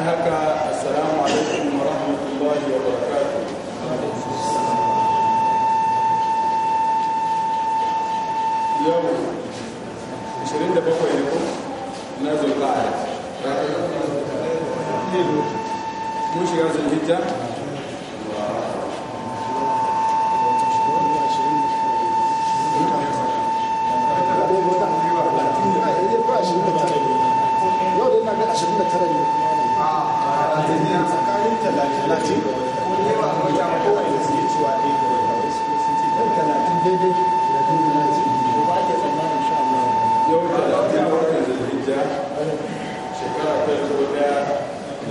bayan haka assalamu alaikum wa rahmatullahi wa barakatuh yau 27 ne ko na shiga zulhijja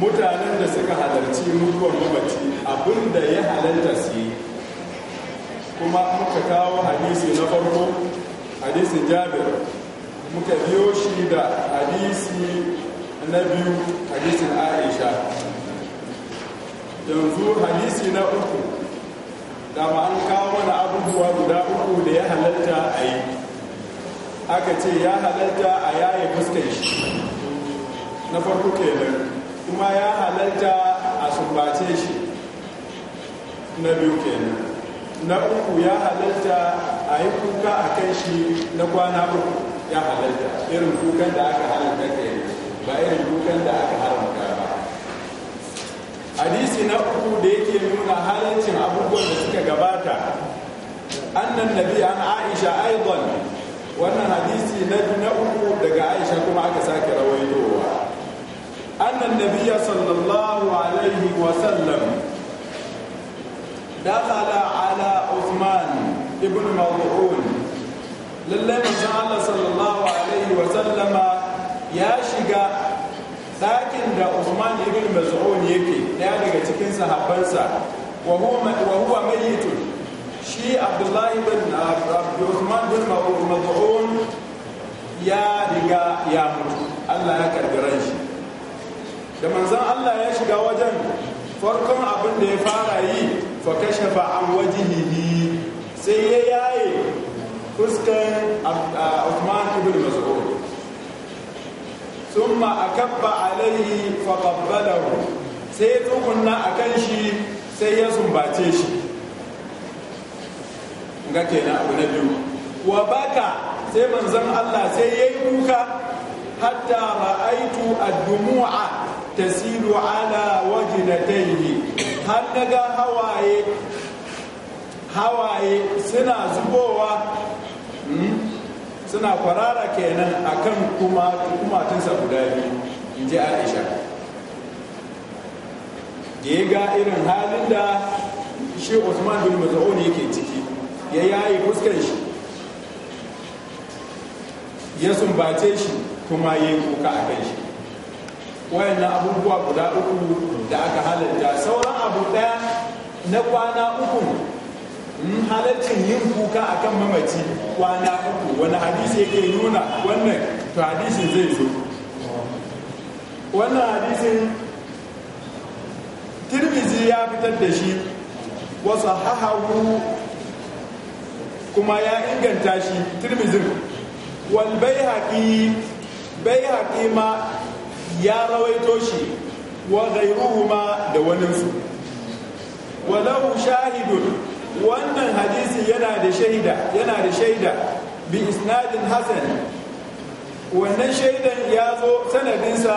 mutanen da suka halarci mutuwar mabaci abin da ya halarta su yi kuma muka kawo hadisi na farko hadisin jabir muka biyo shi da hadisi na biyu hadisin aisha yanzu hadisi na uku dama an kawo wani abubuwa guda uku da ya halarta a yi aka ce ya halarta a yaye fuskar shi na farko kenan kuma ya halarta a sumbace shi na biyu kenan na uku ya halarta a yi kuka a kan shi na kwana uku ya halarta irin kukan da aka halarta ke ba irin kukan da aka haramta ba hadisi na uku da yake nuna halarcin abubuwan da suka gabata annan nabi an aisha aibon wannan hadisi na uku daga aisha kuma aka sake rawaito أن النبي صلى الله عليه وسلم دخل على عثمان ابن مضعون lallai manzon sallallahu alaihi wa sallama ya shiga Zakin da Usman ibn Mas'ud yake ɗaya daga cikin sahabbansa wa huwa mayyitun shi Abdullah ibn Usman bin Mas'ud ya riga ya mutu Allah ya karbi ran shi da manzan Allah ya shiga wajen farkon abin da ya fara yi fa kashe fa an wajihihi sai ya yaye fuskan ah, ah, Uthman ibn Mas'ud thumma akabba alaihi fa qabbalahu sai tsugunna akan shi sai ya sumbace shi ga kenan abu na biyu wa baka sai manzon Allah sai ya yi kuka hatta ra'aitu ad-dumu'a tasiru ala wajinataihi har daga hawaye hawaye suna zubowa hmm, suna kwarara kenan akan kuma kumatunsa guda biyu in ji aisha da ya ga irin halin da shi usman bin ne yake ciki ya yayi fuskar shi ya sumbace shi kuma ya yi kuka a kan shi Wayan abubuwa guda uku da aka halarta sauran abu daya na kwana uku hmm, halarcin yin kuka akan mamaci kwana uku wani hadisi yake nuna wannan to hadisin zai zo wannan hadisin tirmizi ya fitar da shi wasu hahahu kuma ya inganta shi tirmizin wal bai haƙi ma ya rawaito shi wa ghairuhuma da waninsu walau shahidun wannan hadisi yana da shaida yana da shaida bi isnadin hasan wannan shaidan ya zo sanadinsa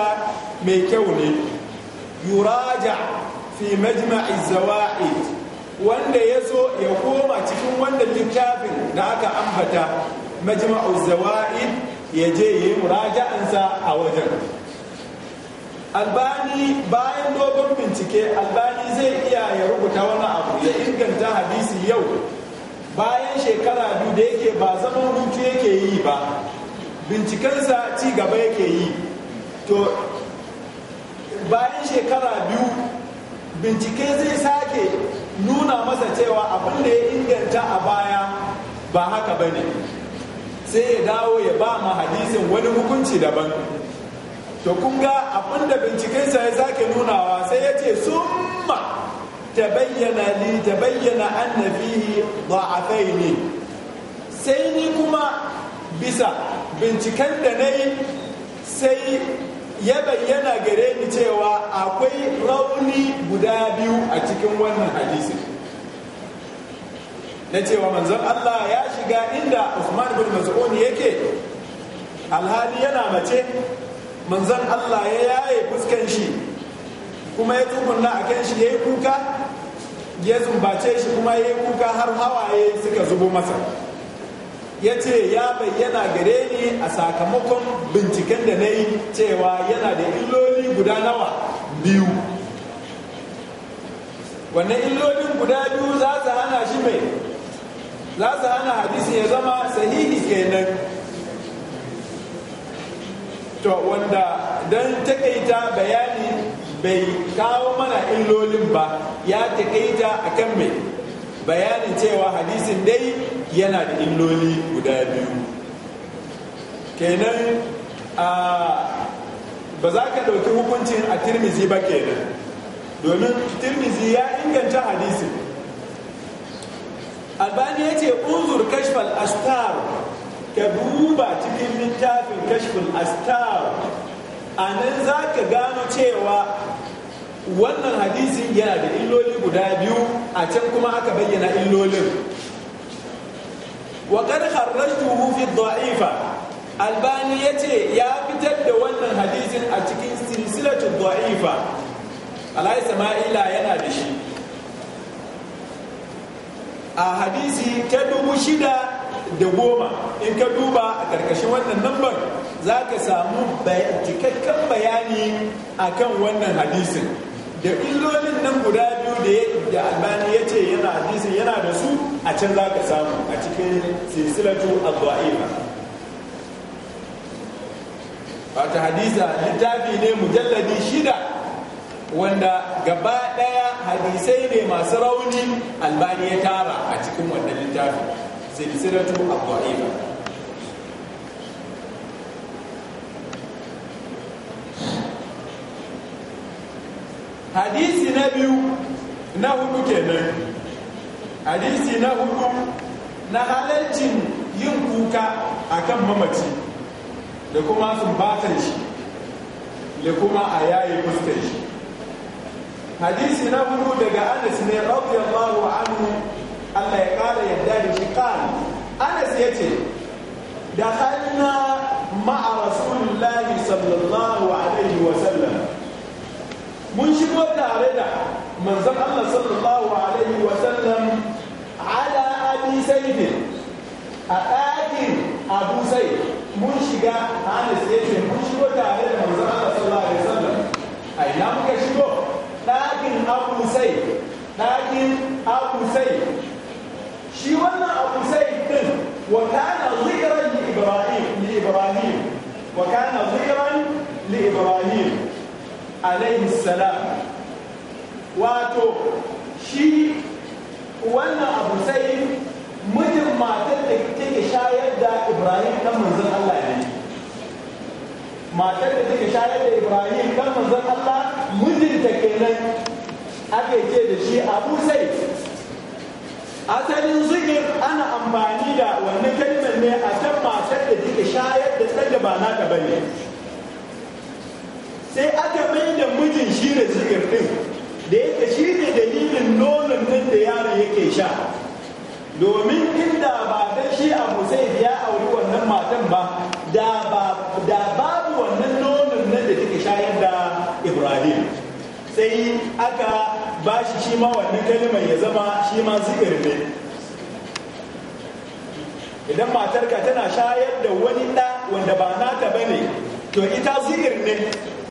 mai kyau ne yuraja fi majma'i zawa'id wanda ya zo ya koma cikin wannan littafin da aka ambata majma'u zawa'id ya je yi muraja'ansa a wajen albani bayan dogon bincike albani zai iya ya rubuta wani abu ya inganta hadisi yau bayan shekara biyu da yake ba zaman hutu yake yi ba bincikensa ci gaba yake yi to bayan shekara biyu bincike zai sake nuna masa cewa abin da ya inganta a baya ba haka ba ne sai ya dawo ya ba ma hadisin wani hukunci daban to kun ga abin da bincikensa ya sake nunawa sai ya ce summa ta bayyana li ta bayyana annabihi kai ne sai ni kuma bisa binciken da na yi sai ya bayyana gare ni cewa akwai rauni guda biyu a cikin wannan hadisi na cewa manzon Allah ya shiga inda Usman bin Mas'ud yake alhali yana mace manzon Allah ya yaye fuskan shi kuma ya tukunna a kan shi ya yi kuka ya zumbace shi kuma ya yi kuka har hawaye suka zubo masa ya ce ya bayyana gare ni a sakamakon binciken da na yi cewa yana da illoli guda nawa biyu wannan illolin guda biyu za su hana shi mai za su hana hadisi ya zama sahihi kenan wanda don takaita bayani bai kawo mana illolin ba ya takaita kan mai bayanin cewa hadisin dai yana da illoli guda biyu kenan a ba za ka ɗauki hukuncin a tirmizi ba kenan domin tirmizi ya inganta hadisin albani ya ce unzur kashfal astar ka duba cikin littafin kashfal astar a nan za ka gano cewa wannan hadisin yana da illoli guda biyu a can kuma aka bayyana illolin waƙar harrajtuhu fi da'ifa albani ya ce ya fitar da wannan hadisin a cikin silsilatun da'ifa alai sama'ila yana da shi a hadisi ta dubu shida da goma in ka duba a ƙarƙashin wannan lambar za ka samu cikakken bayani akan wannan hadisin da illolin nan guda biyu da albani ya ce yana hadisin yana da su a can za ka samu a cikin silsilatu al wata hadisa littafi ne mujalladi shida wanda gaba ɗaya hadisai ne masu rauni albani ya tara a cikin wannan littafi silsilatu al hadisi na biyu na hudu kenan hadisi na hudu na halarcin yin kuka akan mamaci da kuma sun batar shi da kuma a yayi fuskar shi hadisi na hudu daga anas ne radiyallahu anhu Allah ya kara yadda da shi kan anas yace da hanna ma'a rasulullahi sallallahu kuma tare da manzon Allah sallallahu alaihi wa sallam ala abi saidi a ɗakin abu sai mun shiga anas ya ce mun shigo tare da manzon Allah sallallahu alaihi wa sallam a ina muka shigo ɗakin abu sai ɗakin abu sai shi wannan abu sai din wa kana li ibrahim li ibrahim li ibrahim alaihi salam wato shi wannan abu sai mijin matar da take shayar da ibrahim dan manzon allah ya ne matar da take shayar da ibrahim dan manzon allah mijinta kenan ake ce da shi abu sai asalin zikir ana amfani da wannan kalmar ne a kan matar da take shayar da tsada ba na ta bane sai aka mai da mijin shi da ɗin da yake shi ne dalilin nonon nan da yaron yake sha domin inda ba da shi a musai ya auri wannan matan ba da babu wannan nonon nan da take sha yadda ibrahim sai aka ba shi shi ma wannan kalimar ya zama shi ma zikir idan matarka tana shayar da wani da wanda ba nata ba ne to ita zikir ne